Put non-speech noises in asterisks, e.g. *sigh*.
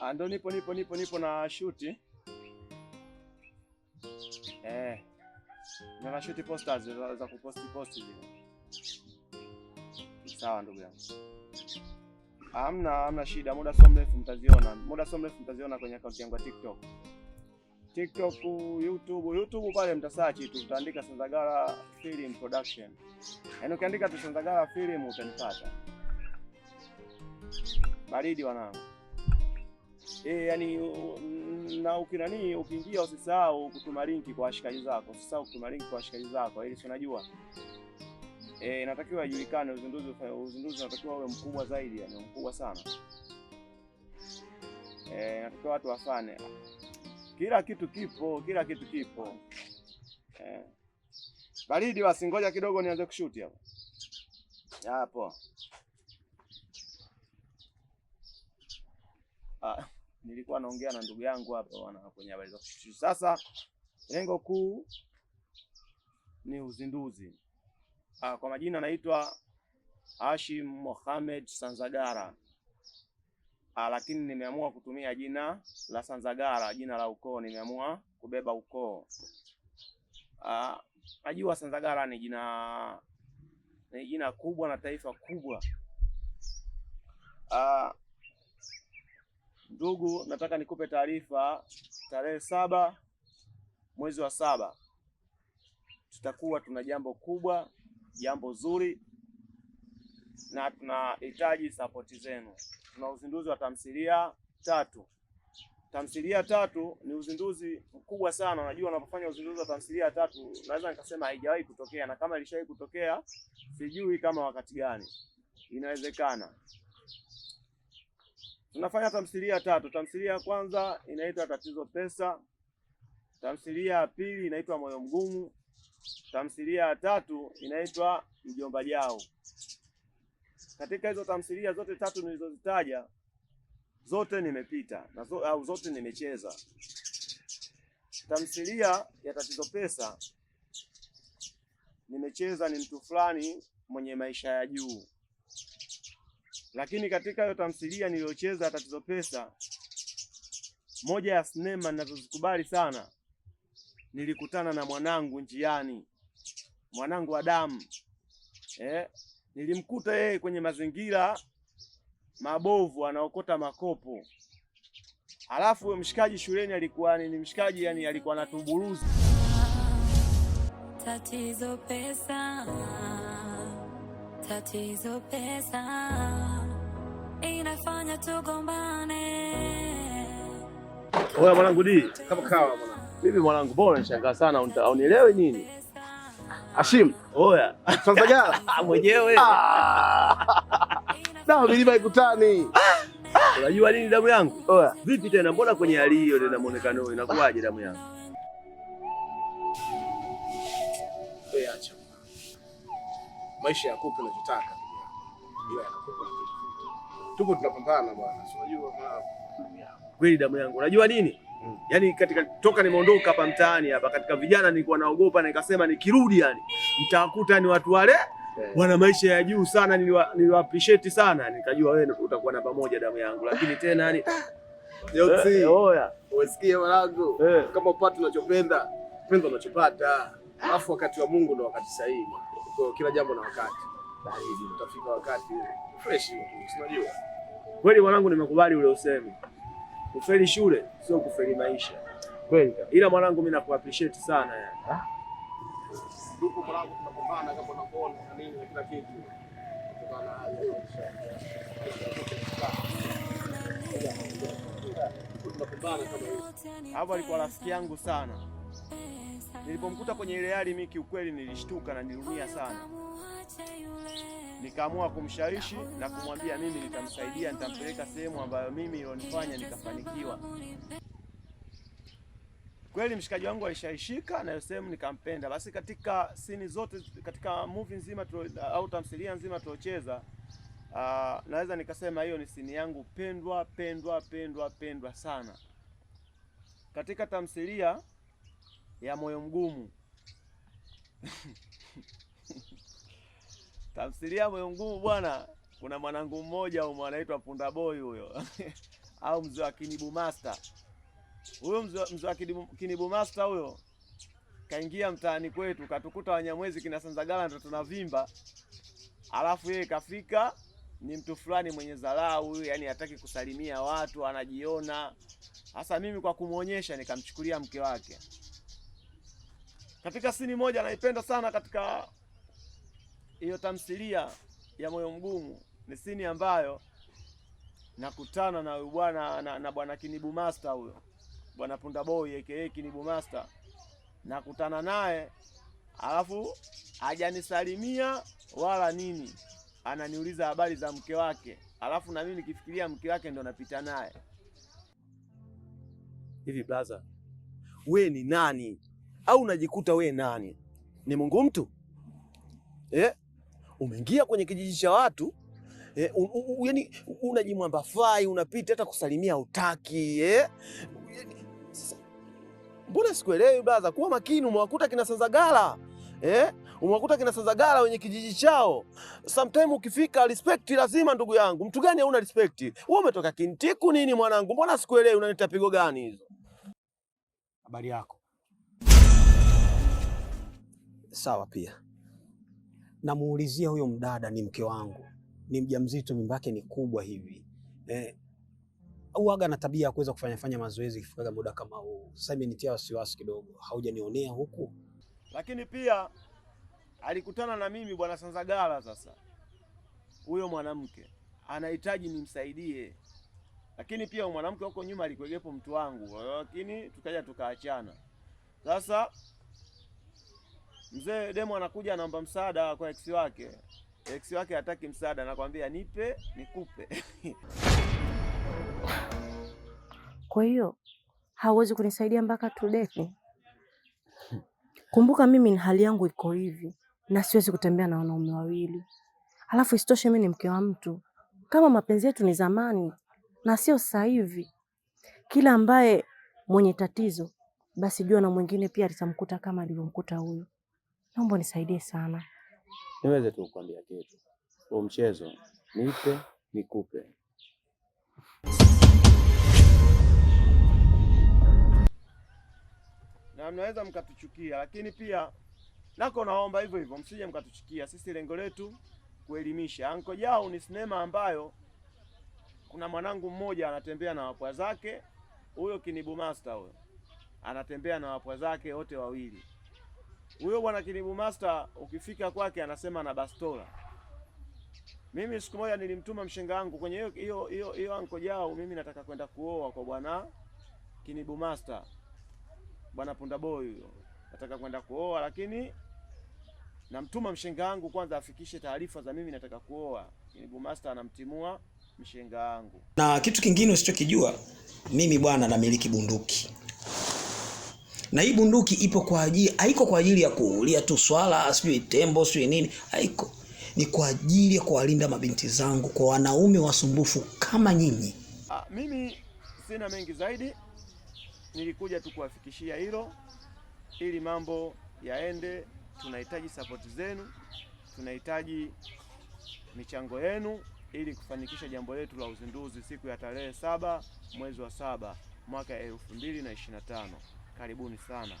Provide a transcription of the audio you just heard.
Ando ah, nipo nipo nipo nipo na shuti eh, na shuti posters za kuposti posti zile. Sawa ndugu yangu, amna amna shida, muda sio mrefu mtaziona, muda sio mrefu mtaziona kwenye akaunti yangu ya TikTok. TikTok, YouTube, YouTube pale mtasearch tu, utaandika Sanzagala Film Production. Yaani ukiandika tu Sanzagala Film utanipata. Baridi wanangu e, yani na ukinani ukiingia usisahau kutuma linki kwa washikaji zako, usisahau kutuma linki kwa washikaji zako, ili si unajua e, inatakiwa ijulikane. uzinduzi. Uzinduzi unatakiwa uwe mkubwa zaidi, yani mkubwa sana e, eh, natakiwa watu wafane. Kila kitu kipo, kila kitu kipo e. Baridi ngoja kidogo nianze kushuti hapo hapo. nilikuwa naongea na ndugu yangu hapa bwana kwenye habari za Sasa lengo kuu ni uzinduzi. Aa, ah, kwa majina naitwa Hashim Mohamed Sanzagara. Aa, ah, lakini nimeamua kutumia jina la Sanzagara, jina la ukoo, nimeamua kubeba ukoo. Aa, ah, najua Sanzagara ni jina ni jina kubwa na taifa kubwa. Aa, Ndugu, nataka nikupe taarifa, tarehe saba mwezi wa saba tutakuwa tuna jambo kubwa, jambo zuri, na tunahitaji sapoti zenu. Tuna uzinduzi wa tamthilia tatu. Tamthilia tatu ni uzinduzi mkubwa sana. najua unapofanya uzinduzi wa tamthilia tatu, naweza nikasema haijawahi kutokea, na kama ilishawahi kutokea, sijui kama wakati gani, inawezekana Tunafanya tamthilia tatu. Tamthilia ya kwanza inaitwa Tatizo Pesa, tamthilia ya pili inaitwa Moyo Mgumu, tamthilia ya tatu inaitwa Mjomba Jao. Katika hizo tamthilia zote tatu nilizozitaja, zote nimepita na zo, au zote nimecheza. Tamthilia ya Tatizo Pesa nimecheza ni mtu fulani mwenye maisha ya juu lakini katika hiyo tamthilia niliyocheza Tatizo Pesa, moja ya sinema ninazozikubali sana, nilikutana na mwanangu njiani, mwanangu adamu eh, nilimkuta yeye kwenye mazingira mabovu anaokota makopo. Halafu huyo mshikaji shuleni alikuwa ni mshikaji, yani alikuwa anatuburuzi Tatizo Pesa, Tatizo Pesa inafanya tugombane. Oya mwanangu, di kama kawa mwanangu. Mimi mwanangu, bora nishangaa sana, unielewe nini? Ashim, oya sasa gala *laughs* ah, mwenyewe na ah. milima ikutani. Unajua nini damu yangu? Oya vipi tena, mbona kwenye hali hiyo tena muonekano huo inakuwaje damu yangu? Oya acha maisha yakupe unachotaka, ila yanakupa tuko tunapambana bwana, si unajua kweli damu yangu. Unajua nini? mm. Yani katika toka nimeondoka hapa mtaani hapa katika vijana nilikuwa naogopa na nikasema nikirudi yani mtakuta ni watu wale yeah. wana maisha ya juu sana, niliwa, niliwa appreciate sana nikajua wewe utakuwa namba moja damu yangu, lakini tena yani Joksi. Eh, oya. Usikie mwanangu. Eh. Kama upate unachopenda, penda unachopata. Alafu wakati wa Mungu ndo wakati sahihi. Kwa kila jambo na wakati baridi, utafika wakati fresh. Unajua kweli mwanangu, nimekubali ule usemi, kufeli shule sio kufeli maisha kweli, ila mwanangu, mimi naku appreciate sana yani ah. Ndugu mwanangu, tunapambana kama tunapona na nini na kila kitu hapo alikuwa rafiki yangu sana Nilipomkuta kwenye ile hali mimi kiukweli nilishtuka na niliumia sana. Nikaamua kumshawishi na kumwambia mimi nitamsaidia, nitampeleka sehemu ambayo mimi ilonifanya nikafanikiwa. Kweli mshikaji wangu alishawishika na sehemu nikampenda. Basi katika sini zote katika movie nzima au tamthilia nzima tuliocheza, uh, naweza nikasema hiyo ni sini yangu pendwa pendwa pendwa pendwa sana katika tamthilia ya moyo mgumu tamthilia moyo mgumu bwana. Kuna mwanangu mmoja huyo anaitwa Punda Boy huyo *laughs* au mzee wa Kinibu Master huyo, mzee wa Kinibu Master huyo kaingia mtaani kwetu, katukuta Wanyamwezi kina Sanzagala ndo tunavimba, alafu yeye kafika ni mtu fulani mwenye dharau huyu, yani hataki kusalimia watu, anajiona. hasa. mimi kwa kumwonyesha, nikamchukulia mke wake katika sini moja naipenda sana katika hiyo tamthilia ya Moyo Mgumu ni sini ambayo nakutana na bwana na, na bwana Kinibu Master huyo bwana Punda Boy aka Kinibu Master, nakutana naye alafu hajanisalimia wala nini, ananiuliza habari za mke wake, alafu na mimi nikifikiria mke wake ndo napita naye hivi. Brother, we ni nani? au unajikuta we nani? Ni Mungu mtu eh? Umeingia kwenye kijiji cha watu eh, yaani unajimwamba fai, unapita hata kusalimia hutaki eh? sikuelewi baza, Kuwa makini, umewakuta kina Sanzagala eh? Umewakuta kina Sanzagala wenye kijiji chao. Sometime ukifika respect lazima, ndugu yangu. Mtu gani hauna respect? Wewe umetoka Kintiku nini mwanangu? Mbona sikuelewi, unanita pigo gani hizo? Habari yako? sawa pia. Namuulizia huyo mdada, ni mke wangu, ni mjamzito, mimba yake ni kubwa hivi eh, uaga na tabia ya kuweza kufanya fanya mazoezi ikifikaga muda kama huu. Sasa imenitia wasiwasi kidogo, haujanionea huku. Lakini pia alikutana na mimi bwana Sanzagala. Sasa huyo mwanamke anahitaji nimsaidie, lakini pia mwanamke huko nyuma alikuwepo mtu wangu, lakini tukaja tukaachana. Sasa Mzee demo anakuja anaomba msaada kwa ex wake, ex wake hataki msaada, nakwambia nipe nikupe. *laughs* Kwa hiyo hauwezi kunisaidia mpaka tudeti? Kumbuka mimi ni hali yangu iko hivi, na siwezi kutembea na wanaume wawili, alafu isitoshe mimi ni mke wa mtu. Kama mapenzi yetu ni zamani na sio sasa hivi, kila ambaye mwenye tatizo basi jua na mwingine pia litamkuta kama alivyomkuta huyu naomba nisaidie sana. Niweze tu kukwambia kitu, huu mchezo nipe nikupe. Na mnaweza mkatuchukia, lakini pia nako naomba hivyo hivyo msije mkatuchukia. Sisi lengo letu kuelimisha. Anko Jao ni sinema ambayo kuna mwanangu mmoja anatembea na wapwa zake, huyo Kinibu Master huyo anatembea na wapwa zake wote wawili. Huyo bwana Kinibu Master ukifika kwake anasema na bastola. Mimi siku moja nilimtuma mshenga wangu kwenye hiyo hiyo hiyo hiyo anko jao, mimi nataka kwenda kuoa kwa bwana Kinibu Master. Bwana Punda Boy huyo. Nataka kwenda kuoa lakini namtuma mshenga wangu kwanza afikishe taarifa za mimi nataka kuoa. Kinibu Master anamtimua mshenga wangu. Na kitu kingine usichokijua, mimi bwana namiliki bunduki. Na hii bunduki ipo kwa ajili, haiko kwa ajili ya kuulia tu swala, sijui tembo, sijui nini, haiko. Ni kwa ajili ya kuwalinda mabinti zangu kwa wanaume wasumbufu kama nyinyi. Ah, mimi sina mengi zaidi, nilikuja tu kuwafikishia hilo ili mambo yaende. Tunahitaji sapoti zenu, tunahitaji michango yenu ili kufanikisha jambo letu la uzinduzi siku ya tarehe saba mwezi wa saba mwaka elfu mbili na ishirini na tano. Karibuni sana.